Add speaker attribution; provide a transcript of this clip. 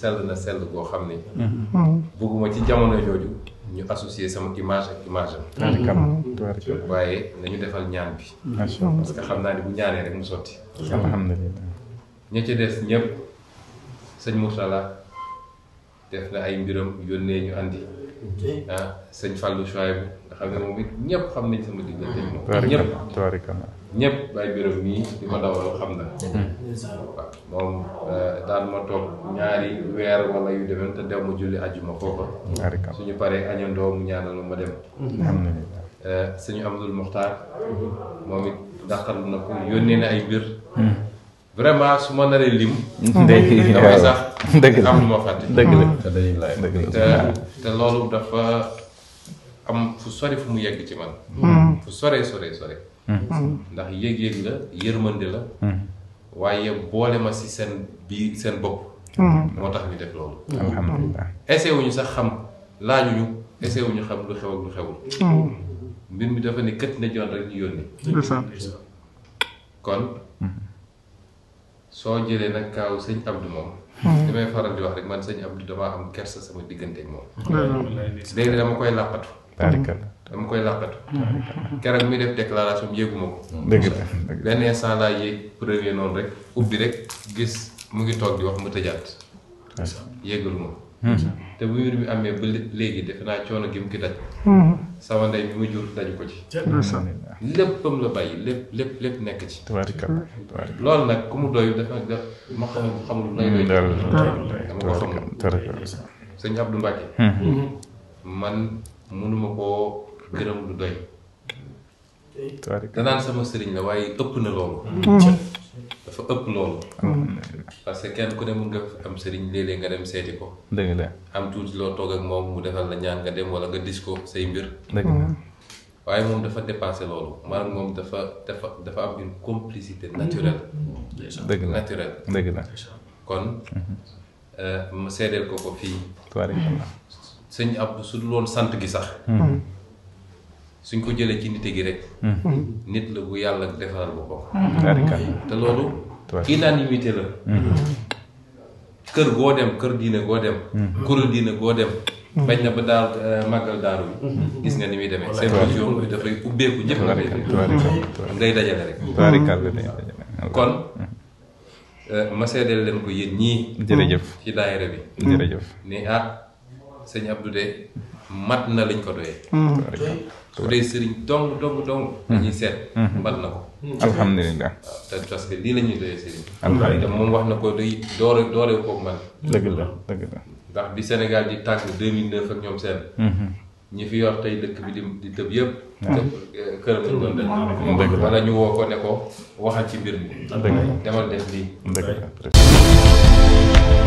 Speaker 1: sell na sell goo xam ne. Mm-hmm. bugguma ci jamono jooju ñu associé sama image ak image am. Mm-hmm. waaye nañu defal ñaan bi. Mm-hmm. parce que xam naa ne bu ñaanee rek mu sotti. alhamdulilah. ña ca des ñëpp sëñ Mourtala def na ay mbiram yónnee ñu andi. ah sëñ Fallou Chouaib nga xam ne moom it ñëpp xam nañ sama diggante moom. ñëpp tawarikana ñëpp bàyyi biram nii di ma dawal xam na. Mm-hmm. moom eh, daan ma ñaari weer wala yu demee te dew ma julli àjjuma foofa. suñu paree añandoo mu ñaanal ma dem. Mm-hmm. alhamdulilah. Eh, suñu Amadou Mokhtar. Mm-hmm. moom it dàqal na ko yónnee na ay mbir. vraiment su ma naree lim. dëgg la damay sax. dëgg la am lu ma fàtte. dëgg la te te loolu dafa am fu sore fu mu yegg ci man. Hmm. fu sore sore sore. Hmm. ndax yëg-yëg la yërmande la. Hmm. waaye boole ma si seen biir seen bopp. moo tax ñu def loolu. alhamdulilah wuñu sax xam laajuñu essayé wuñu xam lu xew ak lu xewul. mbir mi dafa ne kët na joon rek yónni. kon. soo jëlee nag kaaw sëñ Abdou moom. Hmm. li may faral di wax rek man sëñ Abdou damaa am kers sama diggante ak moom. Hmm. léegi dama koy làqatu. dama koy làqatu. Hmm. keroog mi def déclaration yéeguma ko. dëgg la benn instant laa yéeg premier noonu rek ubbi rek gis mu ngi toog di wax mu tëjaat. yéegalu ma. Hmm. te bu mbir bi amee ba léegi defe naa coono gi mu ki daj. Hmm. sama ndey mi jur daju ko ci. léppam la bàyyi lépp lépp lépp nekk ci. tubaarikàlla loolu nag ku mu doy dafa def ma xamul xamul lay doy. dara dara dama sëñ Abdou Mbacke. Hmm. man mënuma koo gërëm lu doy. danaan sama sëriñ la waaye ëpp na loolu. dafa ëpp loolu. parce que kenn ku ne mun nga am sëriñ léeg-léeg nga dem seeti ko. dëgg la am tuuti loo toog ak moom mu defal la ñaan nga dem wala nga dis ko say mbir. dëgg la waaye moom dafa dépassé loolu maanaam moom dafa dafa dafa am une complicité naturelle. dëgg la naturelle dëgg la. kon euh, ma seedeel ko ko fii. sëñ ab su dul woon sant gi sax. Hmm. suñ ko jëlee ci nite gi rek. Hmm. nit la bu yàlla defaral boppam. Hmm. te loolu. unanimité la. Hmm. kër goo dem kër diine goo dem. kuréel diine goo dem. bañ na ba daal euh, màggal daaru bi. gis nga ni muy demee seen vision bi dafay ubbeeku ñëpp ngay dajale rek. kon euh, ma seedeel leen ko yéen ñii. jërëjëf ci daayira bi. jërëjëf ni ah sëñ Abdou de mat na lañ ko doyee. Mm-hmm. su dee sëriñ dong dong dong. dañuy mm-hmm. seet. Mm-hmm. mbal na ko. alhamdulilah. waaw parce que lii la ñuy doyee sëriñ. moom wax na ko day doore doore koog mbal. dëgg la dëgg la. ndax bi Sénégal di tàgg 2009 ak ñoom seen. ñi fi yor tey dëkk bi di tëb yëpp. Eh, këram lañ doon def. wala ñu woo ko ne ko